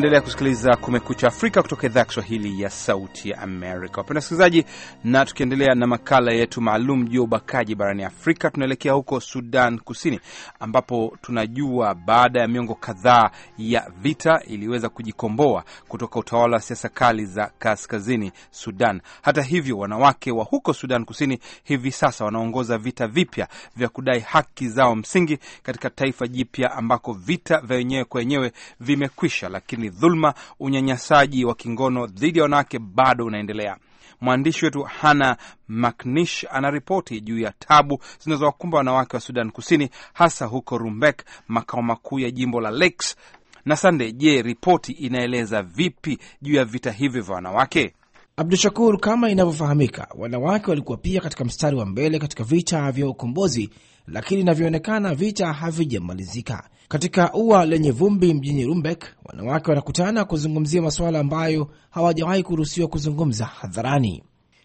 Unaendelea kusikiliza Kumekucha Afrika kutoka idhaa ya Kiswahili ya Sauti ya Amerika. Wapenda wasikilizaji, na tukiendelea na makala yetu maalum juu ya ubakaji barani Afrika, tunaelekea huko Sudan Kusini, ambapo tunajua baada ya miongo kadhaa ya vita iliweza kujikomboa kutoka utawala wa siasa kali za kaskazini Sudan. Hata hivyo, wanawake wa huko Sudan Kusini hivi sasa wanaongoza vita vipya vya kudai haki zao msingi katika taifa jipya ambako vita vya wenyewe kwa wenyewe vimekwisha, lakini dhulma, unyanyasaji wa kingono dhidi ya wanawake bado unaendelea. Mwandishi wetu Hana Maknish anaripoti juu ya tabu zinazowakumba wanawake wa Sudan Kusini, hasa huko Rumbek, makao makuu ya jimbo la Lakes. Na Sande, je, ripoti inaeleza vipi juu ya vita hivyo vya wanawake? Abdu Shakur, kama inavyofahamika, wanawake walikuwa pia katika mstari wa mbele katika vita vya ukombozi, lakini inavyoonekana vita havijamalizika. Katika ua lenye vumbi mjini Rumbek, wanawake wanakutana kuzungumzia masuala ambayo hawajawahi kuruhusiwa kuzungumza hadharani,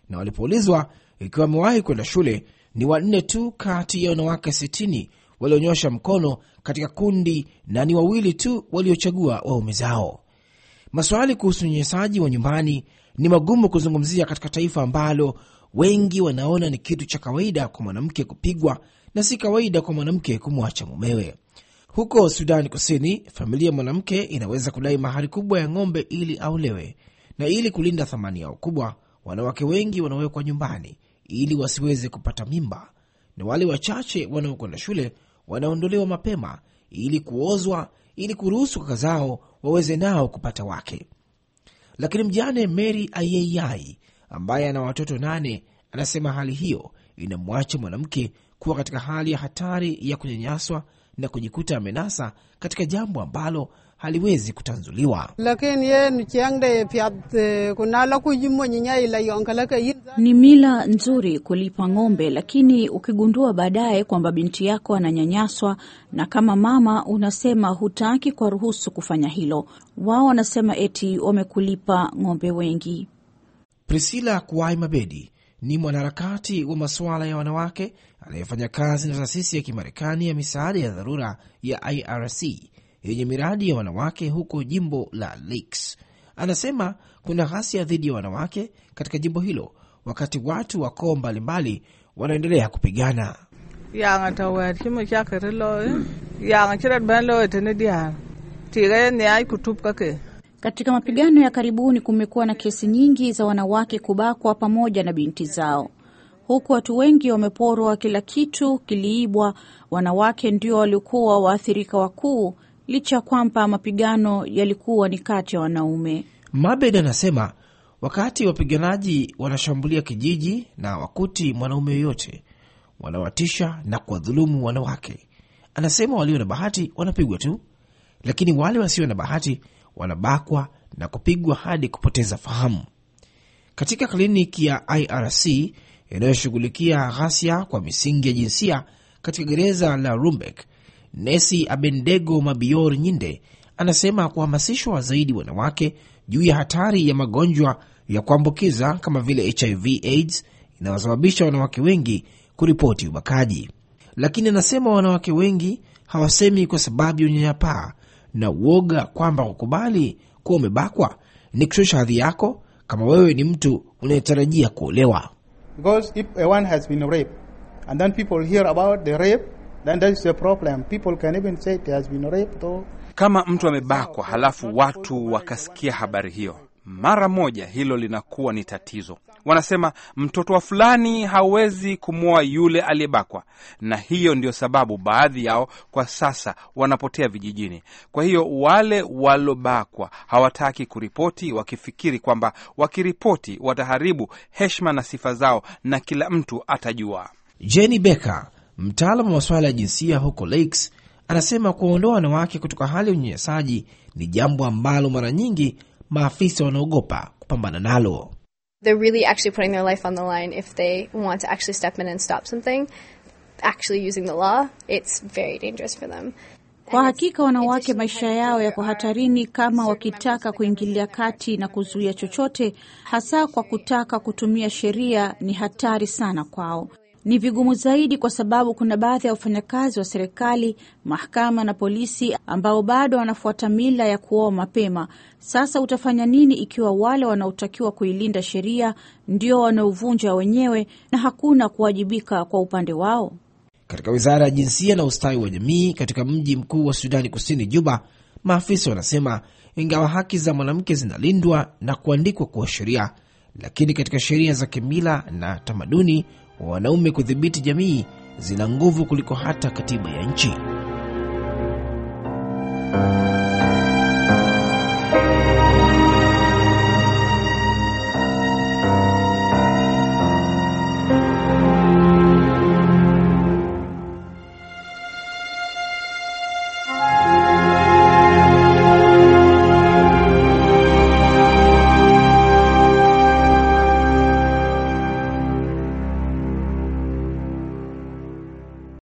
na walipoulizwa ikiwa wamewahi kwenda shule, ni wanne tu kati ya wanawake sitini walionyosha mkono katika kundi na ni wawili tu waliochagua waume zao. Maswali kuhusu unyenyesaji wa nyumbani ni magumu kuzungumzia katika taifa ambalo wengi wanaona ni kitu cha kawaida kwa mwanamke kupigwa na si kawaida kwa mwanamke kumwacha mumewe. Huko Sudani Kusini, familia mwanamke inaweza kudai mahari kubwa ya ng'ombe ili aolewe, na ili kulinda thamani yao kubwa, wanawake wengi wanawekwa nyumbani ili wasiweze kupata mimba, na wale wachache wanaokwenda shule wanaondolewa mapema ili kuozwa, ili kuruhusu kaka zao waweze nao kupata wake. Lakini mjane Mary Ayeyai ambaye ana watoto nane anasema hali hiyo inamwacha mwanamke kuwa katika hali ya hatari ya kunyanyaswa na kujikuta amenasa katika jambo ambalo haliwezi kutanzuliwa. Eh, ni mila nzuri kulipa ng'ombe, lakini ukigundua baadaye kwamba binti yako ananyanyaswa, na kama mama unasema hutaki kwa ruhusu kufanya hilo, wao wanasema eti wamekulipa ng'ombe wengi. Priscilla Kuwai Mabedi ni mwanaharakati wa masuala ya wanawake anayefanya kazi na taasisi ya Kimarekani ya misaada ya dharura ya IRC yenye miradi ya wanawake huko jimbo la Lakes. Anasema kuna ghasia dhidi ya wanawake katika jimbo hilo, wakati watu wa koo mbalimbali wanaendelea kupigana. Katika mapigano ya karibuni kumekuwa na kesi nyingi za wanawake kubakwa pamoja na binti zao. Huku watu wengi wameporwa kila kitu kiliibwa, wanawake ndio waliokuwa waathirika wakuu, licha ya kwamba mapigano yalikuwa ni kati ya wanaume. Mabed anasema wakati wapiganaji wanashambulia kijiji na wakuti mwanaume yoyote, wanawatisha na kuwadhulumu wanawake. Anasema walio na bahati wanapigwa tu, lakini wale wasio na bahati wanabakwa na kupigwa hadi kupoteza fahamu. Katika kliniki ya IRC inayoshughulikia ghasia kwa misingi ya jinsia katika gereza la Rumbek, nesi Abendego Mabior Nyinde anasema kuhamasishwa zaidi wanawake juu ya hatari ya magonjwa ya kuambukiza kama vile HIV AIDS inayosababisha wanawake wengi kuripoti ubakaji, lakini anasema wanawake wengi hawasemi kwa sababu ya unyanyapaa na uoga kwamba kukubali kuwa umebakwa ni kushusha hadhi yako, kama wewe ni mtu unayetarajia kuolewa. Because if one has been raped and then people hear about the rape then that is problem. People can even say it has been raped kama mtu amebakwa halafu watu wakasikia habari hiyo mara moja hilo linakuwa ni tatizo. Wanasema mtoto wa fulani hawezi kumwoa yule aliyebakwa, na hiyo ndio sababu baadhi yao kwa sasa wanapotea vijijini. Kwa hiyo wale walobakwa hawataki kuripoti, wakifikiri kwamba wakiripoti wataharibu heshima na sifa zao na kila mtu atajua. Jenny Becker, mtaalamu wa masuala ya jinsia huko Lakes, anasema kuwaondoa wanawake kutoka hali ya unyanyasaji ni jambo ambalo mara nyingi maafisa wanaogopa kupambana nalo. They're really actually putting their life on the line if they want to actually step in and stop something actually using the law. It's very dangerous for them. Kwa hakika wanawake maisha yao yako hatarini kama wakitaka kuingilia kati na kuzuia chochote, hasa kwa kutaka kutumia sheria. Ni hatari sana kwao ni vigumu zaidi kwa sababu kuna baadhi ya wafanyakazi wa serikali, mahakama na polisi ambao bado wanafuata mila ya kuoa mapema. Sasa utafanya nini ikiwa wale wanaotakiwa kuilinda sheria ndio wanaovunja wenyewe na hakuna kuwajibika kwa upande wao? Katika wizara ya jinsia na ustawi wa jamii katika mji mkuu wa Sudani Kusini, Juba, maafisa wanasema ingawa haki za mwanamke zinalindwa na kuandikwa kuwa sheria, lakini katika sheria za kimila na tamaduni wanaume kudhibiti jamii zina nguvu kuliko hata katiba ya nchi.